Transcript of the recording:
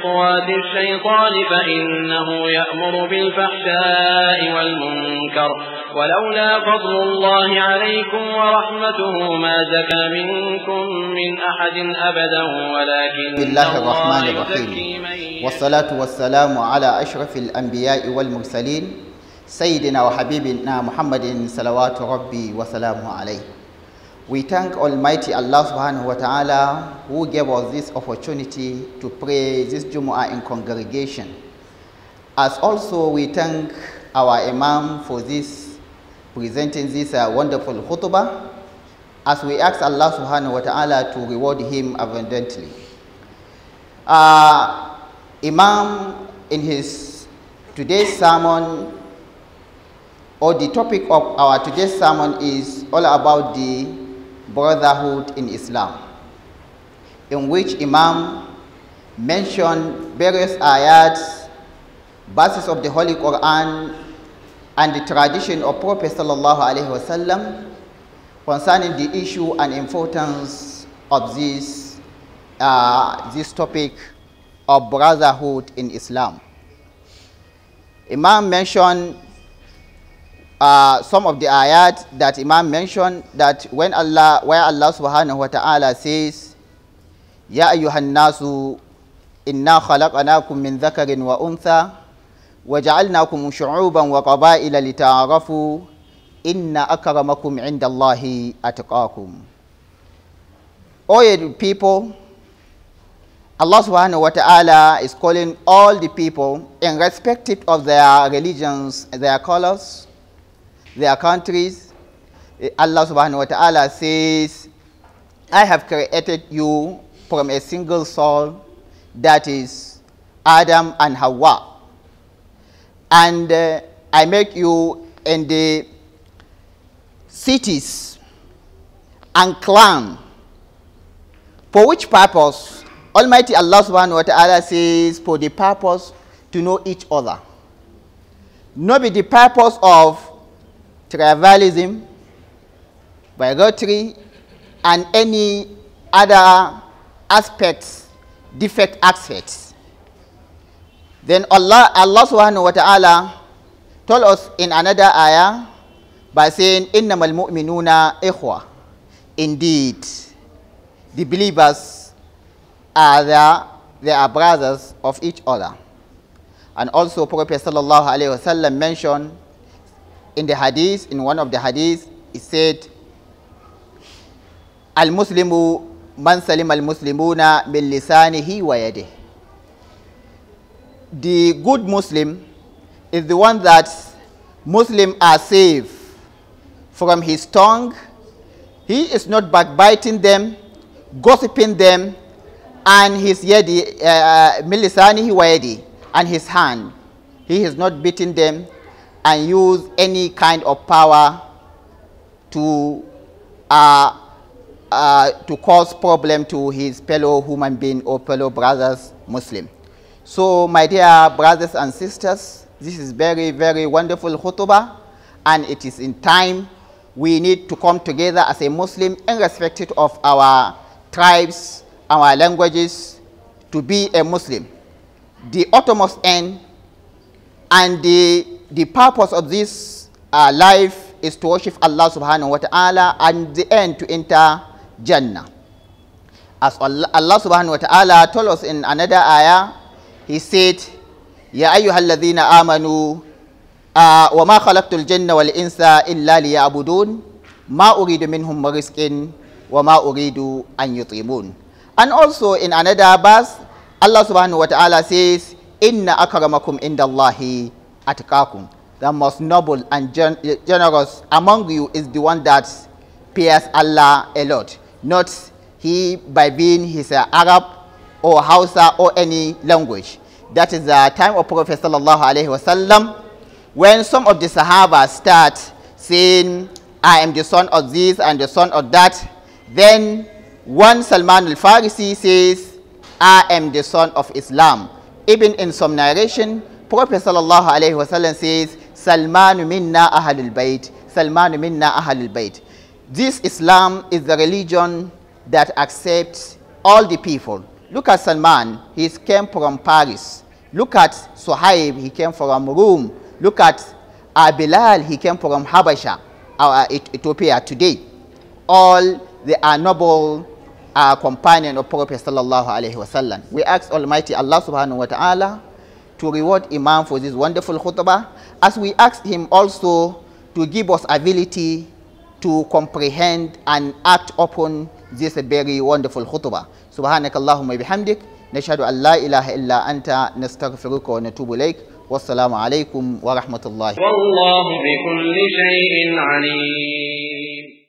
خطوات الشيطان فإنه يأمر بالفحشاء والمنكر ولولا فضل الله عليكم ورحمته ما زكى منكم من أحد أبدا ولكن بسم الله الرحمن الرحيم والصلاة والسلام على أشرف الأنبياء والمرسلين سيدنا وحبيبنا محمد صلوات ربي وسلامه عليه We thank Almighty Allah subhanahu wa ta'ala who gave us this opportunity to pray this Jumu'ah in congregation. As also we thank our Imam for this, presenting this uh, wonderful khutbah, as we ask Allah subhanahu wa ta'ala to reward him abundantly. Uh, Imam in his today's sermon or the topic of our today's sermon is all about the brotherhood in Islam, in which Imam mentioned various ayats, verses of the Holy Quran, and the tradition of Prophet wasallam concerning the issue and importance of this, uh, this topic of brotherhood in Islam. Imam mentioned uh, some of the ayat that Imam mentioned that when Allah, where Allah subhanahu wa ta'ala says, Ya ayyuhan nasu inna khalaqnakum min dhakarin wa untha وجعلناكم شعوبا وقبائل لتعارفوا إن أكرمكم عند الله أتقاكم All the people, Allah subhanahu wa ta'ala is calling all the people irrespective of their religions, their colors, their countries. Eh, Allah subhanahu wa ta'ala says, I have created you from a single soul, that is Adam and Hawa. And uh, I make you in the cities and clan. For which purpose? Almighty Allah subhanahu wa ta'ala says, for the purpose to know each other. Not be the purpose of tribalism, bigotry, and any other aspects, defect aspects. Then Allah, Allah subhanahu wa ta'ala told us in another ayah by saying, Indeed, the believers are there, they are brothers of each other. And also Prophet sallallahu alayhi wa sallam mentioned in the hadith, in one of the hadith, it said, Al-Muslimu man salim al-Muslimuna min lisanihi wa yadih. The good Muslim is the one that Muslims are safe from his tongue. He is not backbiting them, gossiping them, and his yadi, uh, uh milisanihi wa and his hand. He is not beating them, and use any kind of power to uh, uh, to cause problem to his fellow human being or fellow brothers Muslim. So my dear brothers and sisters, this is very, very wonderful khutbah and it is in time we need to come together as a Muslim irrespective of our tribes, our languages, to be a Muslim. The uttermost end and the the purpose of this uh, life is to worship Allah subhanahu wa ta'ala and the end to enter Jannah. As Allah, Allah subhanahu wa ta'ala told us in another ayah, He said, Ya ayyuhalladhina amanu uh, وما خلقت الجن والإنس إلا ma uridu minhum mariskin, wa ma uridu an يطعمون And also in another verse, Allah subhanahu wa ta'ala says, "Inna أكرمكم عند الله atqakum the most noble and gen generous among you is the one that fears Allah a lot not he by being his uh, Arab or Hausa or any language that is the time of Prophet sallallahu alaihi wasallam when some of the Sahaba start saying I am the son of this and the son of that then one Salman al-Farisi says I am the son of Islam even in some narration Prophet sallallahu alaihi wasallam says, "Salman minna ahlul bayt. Salman minna ahlul bayt. This Islam is the religion that accepts all the people. Look at Salman, he came from Paris. Look at Suhaib, he came from Rome. Look at Abilal, he came from Habasha, our Ethiopia today. All they are noble uh, companion of Prophet sallallahu alaihi wasallam. We ask Almighty Allah subhanahu wa ta'ala to reward Imam for this wonderful khutbah, as we ask him also to give us ability to comprehend and act upon this very wonderful khutbah. Subhanak Allahumma bihamdik, nashadu an la ilaha illa anta, nastaghfiruka wa natubu laik, wassalamu alaikum wa rahmatullahi. Wallahu bi